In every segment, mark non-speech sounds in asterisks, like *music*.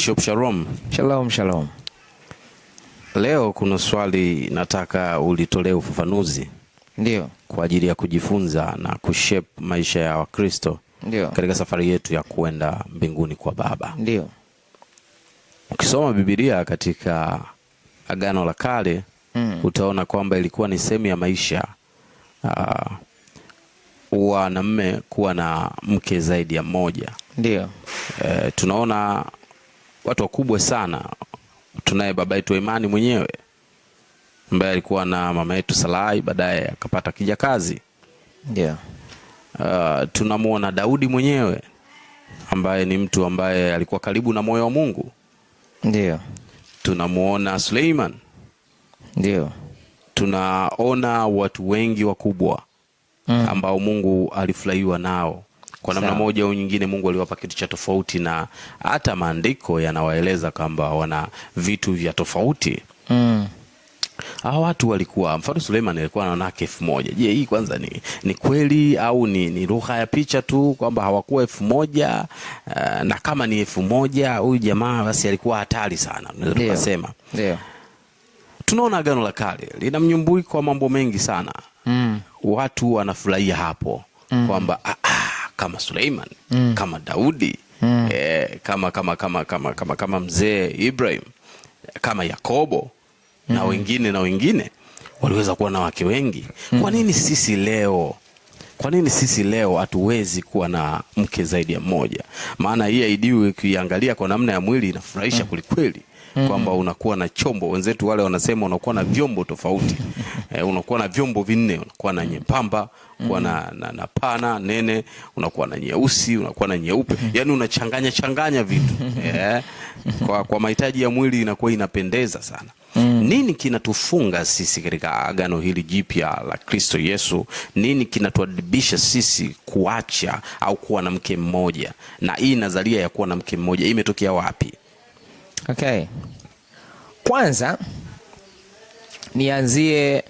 Bishop Shalom. Shalom, shalom. Leo kuna swali nataka ulitolee ufafanuzi. Ndio. Kwa ajili ya kujifunza na kushape maisha ya Wakristo katika safari yetu ya kuenda mbinguni kwa Baba. Ndio. Ukisoma Biblia katika Agano la Kale mm. utaona kwamba ilikuwa ni sehemu ya maisha uh, wanamme kuwa na mke zaidi ya mmoja. Ndio. E, tunaona watu wakubwa sana. Tunaye baba yetu wa imani mwenyewe ambaye alikuwa na mama yetu Salai, baadaye akapata kijakazi yeah. Uh, tunamwona Daudi mwenyewe ambaye ni mtu ambaye alikuwa karibu na moyo wa Mungu ndio. Yeah. Tunamwona Suleiman ndio. Yeah. Tunaona watu wengi wakubwa mm. ambao Mungu alifurahiwa nao kwa namna moja au nyingine, Mungu aliwapa kitu cha tofauti, na hata maandiko yanawaeleza kwamba wana vitu vya tofauti mm. Hawa watu walikuwa mfano Suleiman alikuwa na wanawake elfu moja. Je, hii kwanza ni, ni kweli au ni, ni lugha ya picha tu kwamba hawakuwa elfu moja uh, na kama ni elfu moja huyu jamaa basi alikuwa hatari sana, unaweza kusema ndio. Tunaona Agano la Kale lina mnyumbui kwa mambo mengi sana mm. Watu wanafurahia hapo mm. kwamba ah, ah kama Suleiman mm. kama Daudi mm. eh, kama, kama, kama, kama, kama, kama mzee Ibrahim kama Yakobo mm. na wengine na wengine waliweza kuwa na wake wengi. Mm. Kwa nini sisi leo kwa nini sisi leo hatuwezi kuwa na mke zaidi ya mmoja? Maana hii aidiu ukiangalia kwa namna ya mwili inafurahisha mm. kwelikweli, mm. kwamba unakuwa na chombo. Wenzetu wale wanasema unakuwa na vyombo tofauti. *laughs* eh, unakuwa na vyombo vinne, unakuwa na mm. nyepamba unakuwa mm. na, na, na pana nene, unakuwa na nyeusi, unakuwa na nyeupe, mm-hmm. yani unachanganya changanya vitu *laughs* eh, kwa, kwa mahitaji ya mwili inakuwa inapendeza sana. Mm. Nini kinatufunga sisi katika agano hili jipya la Kristo Yesu? Nini kinatuadibisha sisi kuacha au kuwa na mke mmoja? Na hii nadharia ya kuwa na mke mmoja imetokea wapi? Okay. Kwanza nianzie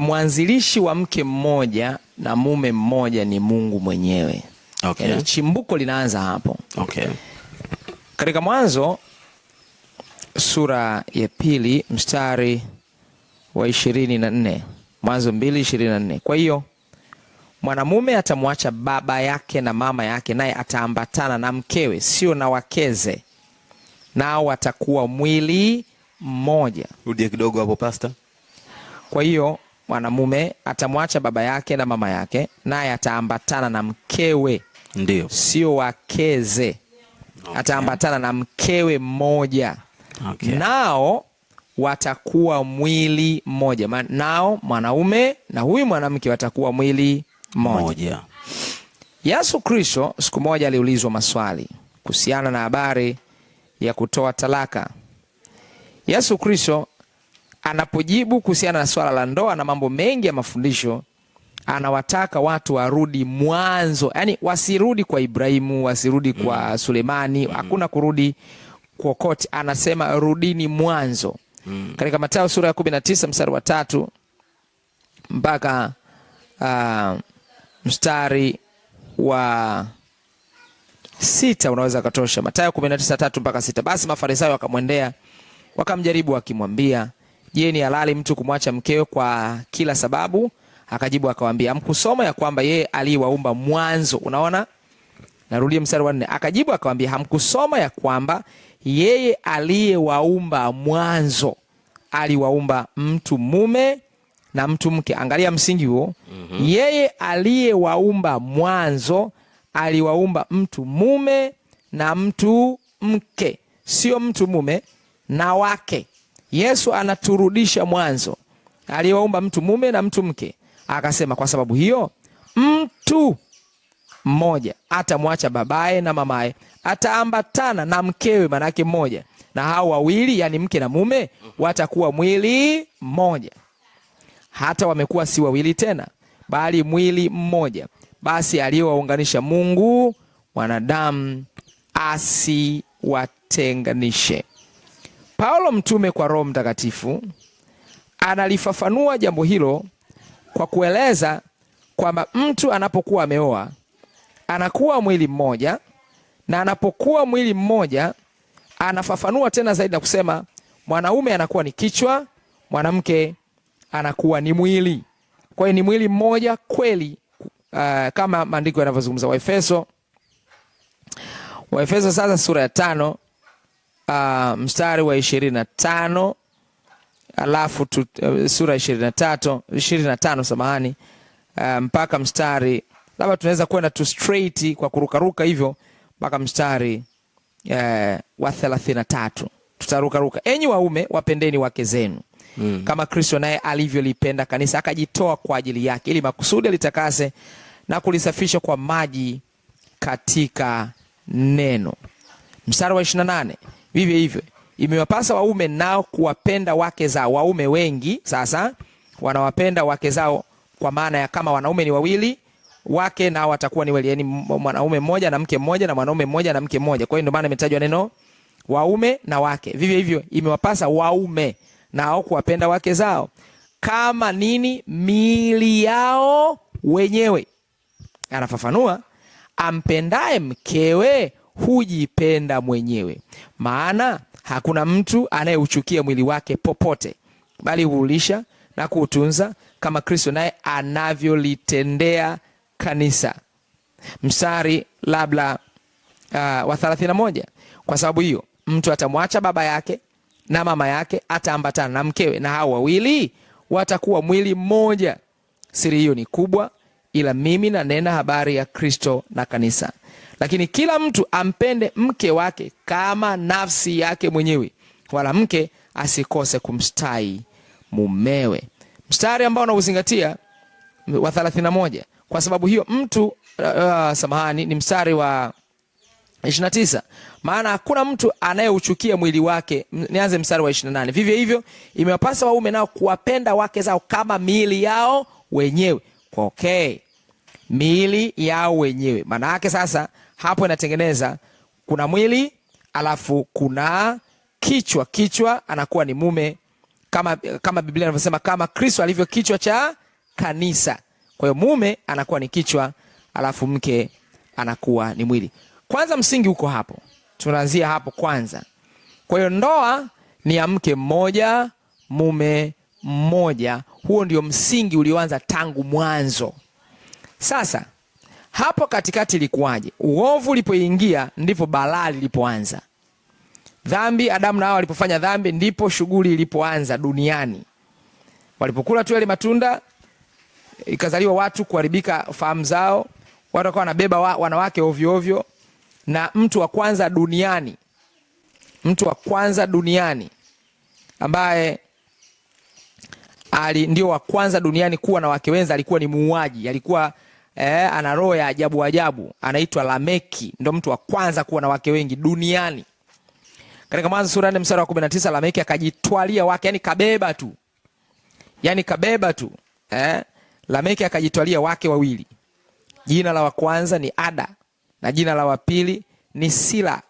mwanzilishi wa mke mmoja na mume mmoja ni Mungu mwenyewe. Okay. Yani, chimbuko linaanza hapo. Okay. Katika Mwanzo sura ya pili mstari wa ishirini na nne Mwanzo mbili ishirini na nne Kwa hiyo mwanamume atamwacha baba yake na mama yake, naye ataambatana na mkewe, sio na wakeze, nao watakuwa mwili mmoja. Rudia kidogo hapo pasta. Kwa hiyo mwanamume atamwacha baba yake na mama yake, naye ataambatana na mkewe. Ndio, sio wakeze. Okay. Ataambatana na mkewe mmoja. Okay. Nao watakuwa mwili mmoja. Nao mwanaume na huyu mwanamke watakuwa mwili mmoja, mmoja. Yesu Kristo siku moja aliulizwa maswali kuhusiana na habari ya kutoa talaka. Yesu Kristo anapojibu kuhusiana na swala la ndoa na mambo mengi ya mafundisho, anawataka watu warudi mwanzo, yani wasirudi kwa Ibrahimu, wasirudi kwa mm. Sulemani, mm. hakuna kurudi kokote. Anasema rudini mwanzo. Mm. Katika Mathayo sura ya kumi na tisa mstari wa tatu mpaka uh, mstari wa sita unaweza katosha. matayo kumi na tisa tatu mpaka sita. Basi Mafarisayo wakamwendea wakamjaribu wakimwambia Je, ni halali mtu kumwacha mkewe kwa kila sababu? Akajibu akawambia hamkusoma ya kwamba yeye aliwaumba mwanzo? Unaona, narudia mstari wa nne. Akajibu akawambia hamkusoma ya kwamba yeye aliyewaumba mwanzo aliwaumba mtu mume na mtu mke. Angalia msingi huo. mm -hmm. Yeye aliyewaumba mwanzo aliwaumba mtu mume na mtu mke, sio mtu mume na wake Yesu anaturudisha mwanzo, aliwaumba mtu mume na mtu mke, akasema kwa sababu hiyo mtu mmoja atamwacha babaye na mamaye, ataambatana na mkewe, manake mmoja, na hao wawili, yani mke na mume, watakuwa mwili mmoja. Hata wamekuwa si wawili tena, bali mwili mmoja. Basi aliyowaunganisha Mungu, wanadamu asiwatenganishe. Paulo mtume kwa Roho Mtakatifu analifafanua jambo hilo kwa kueleza kwamba mtu anapokuwa ameoa anakuwa mwili mmoja, na anapokuwa mwili mmoja anafafanua tena zaidi na kusema mwanaume anakuwa ni kichwa, mwanamke anakuwa ni mwili. Kwa hiyo ni mwili mmoja kweli, uh, kama maandiko yanavyozungumza Waefeso. Waefeso sasa sura ya tano uh, mstari wa ishirini na tano alafu tu, uh, sura ishirini na tatu ishirini na tano samahani, uh, mpaka mstari labda tunaweza kwenda tu straight kwa kurukaruka hivyo mpaka mstari uh, wa thelathini na tatu tutarukaruka. Enyi waume wapendeni wake zenu mm, kama Kristo naye alivyolipenda kanisa akajitoa kwa ajili yake, ili makusudi alitakase na kulisafisha kwa maji katika neno. Mstari wa ishirini na nane Vivyo hivyo imewapasa waume nao kuwapenda wake zao. Waume wengi sasa wanawapenda wake zao, kwa maana ya kama wanaume ni wawili, wake nao watakuwa ni wali yani mwanaume mmoja na mke mmoja na mwanaume mmoja na mke mmoja. Kwa hiyo ndio maana imetajwa neno waume na wake. Vivyo hivyo imewapasa waume nao kuwapenda wake zao kama nini? Miili yao wenyewe. Anafafanua, ampendaye mkewe hujipenda mwenyewe, maana hakuna mtu anayeuchukia mwili wake popote, bali huulisha na kuutunza kama Kristo naye anavyolitendea kanisa. Mstari labda uh, ah, wa thelathini na moja. Kwa sababu hiyo mtu atamwacha baba yake na mama yake, ataambatana na mkewe, na hao wawili watakuwa mwili mmoja. Siri hiyo ni kubwa, ila mimi nanena habari ya Kristo na kanisa. Lakini kila mtu ampende mke wake kama nafsi yake mwenyewe, wala mke asikose kumstai mumewe. Mstari ambao unauzingatia wa 31. Kwa sababu hiyo mtu uh, uh samahani, ni mstari wa 29. Maana hakuna mtu anayeuchukia mwili wake. Nianze mstari wa 28. Vivyo hivyo imewapasa waume nao kuwapenda wake zao kama miili yao wenyewe. Okay, miili yao wenyewe, maana yake sasa hapo inatengeneza kuna mwili alafu kuna kichwa. Kichwa anakuwa ni mume, kama kama Biblia inavyosema, kama Kristo alivyo kichwa cha kanisa. Kwa hiyo mume anakuwa ni kichwa, alafu mke anakuwa ni mwili. Kwanza msingi huko hapo, tunaanzia hapo kwanza. Kwa hiyo ndoa ni ya mke mmoja mume mmoja. Huo ndio msingi ulioanza tangu mwanzo. Sasa hapo katikati ilikuwaje? Uovu ulipoingia ndipo balaa lilipoanza. Dhambi, Adamu na Hawa walipofanya dhambi ndipo shughuli ilipoanza duniani. Walipokula tu yale matunda, ikazaliwa watu kuharibika fahamu zao, watu wakawa wanabeba wa, wanawake ovyo ovyo, na mtu wa kwanza duniani, mtu wa kwanza duniani ambaye ali ndio wa kwanza duniani kuwa na wake wenza alikuwa ni muuaji, alikuwa eh, ana roho ya ajabu ajabu, anaitwa Lameki, ndo mtu wa kwanza kuwa na wake wengi duniani. Katika Mwanzo sura nne mstari wa 19, Lameki akajitwalia wake, yani kabeba tu, yani kabeba tu eh. Lameki akajitwalia wake wawili, jina la wa kwanza ni Ada na jina la wa pili ni Sila.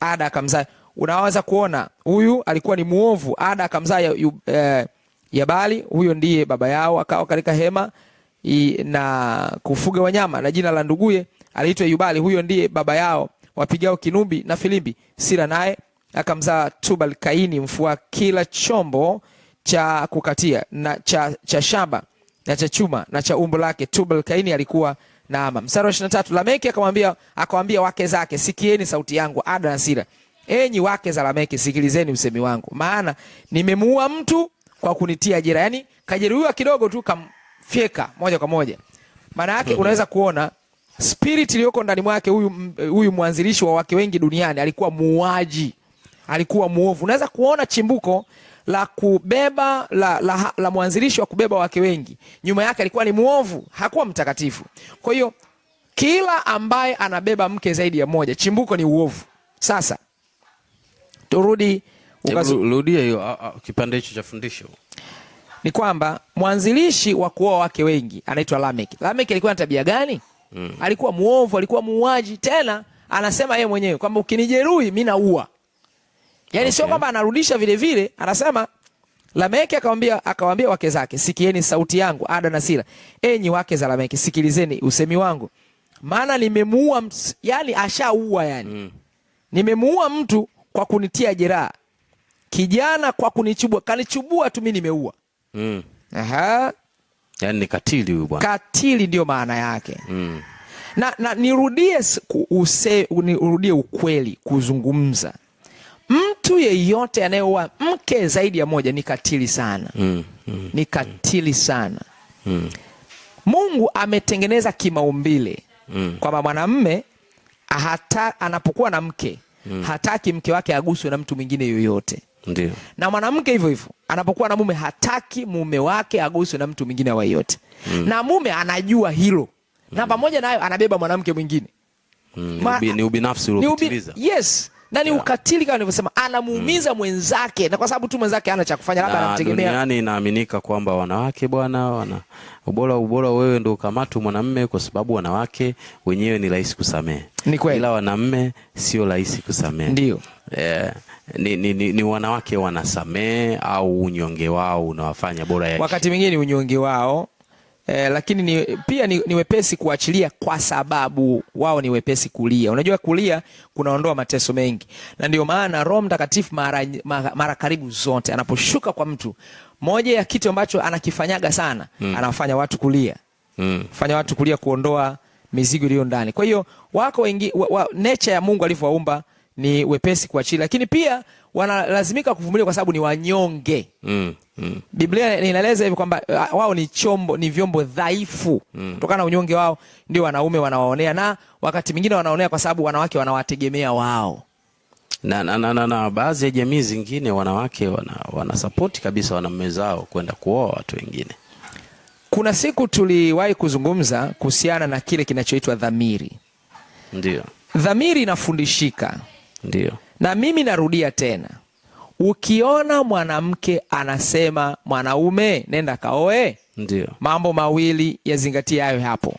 Ada akamzaa. Unaweza kuona huyu alikuwa ni muovu. Ada akamzaa eh, Yabali, huyo ndiye baba yao, akawa katika hema i, na kufuga wanyama na jina la nduguye aliitwa Yubali. Huyo ndiye baba yao wapigao kinumbi na filimbi. Sira naye akamzaa Tubal Kaini, mfua kila chombo cha kukatia na cha, cha shamba na cha chuma na cha umbo lake. Tubal Kaini alikuwa na ama. Mstari wa 23, Lameki akamwambia akawaambia wake zake, sikieni sauti yangu, Ada na Sira, enyi wake za Lameki, sikilizeni usemi wangu, maana nimemuua mtu kwa kunitia jera. Yani kajeruhiwa kidogo tu kam fyeka moja kwa moja. Maana yake unaweza kuona spirit iliyoko ndani mwake huyu huyu mwanzilishi wa wake wengi duniani alikuwa muuaji, alikuwa muovu. Unaweza kuona chimbuko la kubeba la, la, la mwanzilishi wa kubeba wake wengi, nyuma yake alikuwa ni muovu, hakuwa mtakatifu. Kwa hiyo kila ambaye anabeba mke zaidi ya moja, chimbuko ni uovu. Sasa turudi, rudia hiyo kipande hicho cha fundisho ni kwamba mwanzilishi wa kuoa wake wengi anaitwa Lameki. Lameki alikuwa na tabia gani? Mm. Alikuwa muovu, alikuwa muuaji, tena anasema yeye mwenyewe kwamba ukinijeruhi mimi naua. Yaani okay. Sio kwamba anarudisha vile vile, anasema Lameki akamwambia akawaambia wake zake, sikieni sauti yangu Ada na Sila. Enyi wake za Lameki, sikilizeni usemi wangu. Maana nimemuua yani ashaua yani. Mm. Nimemuua mtu kwa kunitia jeraha. Kijana kwa kunichubua, kanichubua tu mimi nimeua mm. Aha. Yani katili huyu bwana. Katili ndio maana yake mm. na, na nirudie, use, nirudie ukweli kuzungumza, mtu yeyote anayeoa mke zaidi ya moja ni katili sana mm. Mm. ni katili sana mm. Mungu ametengeneza kimaumbile mm. kwamba mwanamme hata anapokuwa na mke mm. hataki mke wake aguswe na mtu mwingine yoyote Ndiyo. Na mwanamke hivyo hivyo anapokuwa na mume hataki mume wake aguswe na mtu mwingine wa yote mm. na mume anajua hilo mm. na pamoja nayo anabeba mwanamke mwingine mm. Ma, ni ubinafsi ubi, Yes na ni yeah. ukatili kama nilivyosema, anamuumiza mm. mwenzake, na kwa sababu tu mwenzake hana cha kufanya, labda anamtegemea. Duniani inaaminika kwamba wanawake bwana, wana ubora ubora, wewe ndio ukamata mwanamme, kwa sababu wanawake wenyewe ni rahisi kusamehe, ila wanamme sio rahisi kusamehe. Ndio. Eh, ni, ni, ni, ni wanawake wanasamehe au unyonge wao unawafanya bora ya wakati mwingine unyonge wao eh, lakini ni, pia ni, ni wepesi kuachilia kwa sababu wao ni wepesi kulia. Unajua kulia kunaondoa mateso mengi, na ndio maana Roho Mtakatifu mara, mara, mara karibu zote anaposhuka kwa mtu, moja ya kitu ambacho anakifanyaga sana hmm. anafanya watu kulia hmm. fanya watu kulia, kuondoa mizigo iliyo ndani. Kwa hiyo wako wengi, wa, wa, nature ya Mungu alivyowaumba ni wepesi kuachili lakini pia wanalazimika kuvumilia kwa sababu ni wanyonge mm, mm. Biblia inaeleza hivi kwamba uh, wao ni chombo, ni vyombo dhaifu mm. kutokana mm. na unyonge wao, ndio wanaume wanawaonea na wakati mwingine wanaonea kwa sababu wanawake wanawategemea wao na, na, na, na, na baadhi ya jamii zingine wanawake wanasapoti wana kabisa wanaume zao kwenda kuoa watu wengine. Kuna siku tuliwahi kuzungumza kuhusiana na kile kinachoitwa dhamiri. Ndio, dhamiri inafundishika Ndiyo. Na mimi narudia tena, ukiona mwanamke anasema mwanaume nenda kaoe, ndio mambo mawili yazingatie hayo hapo.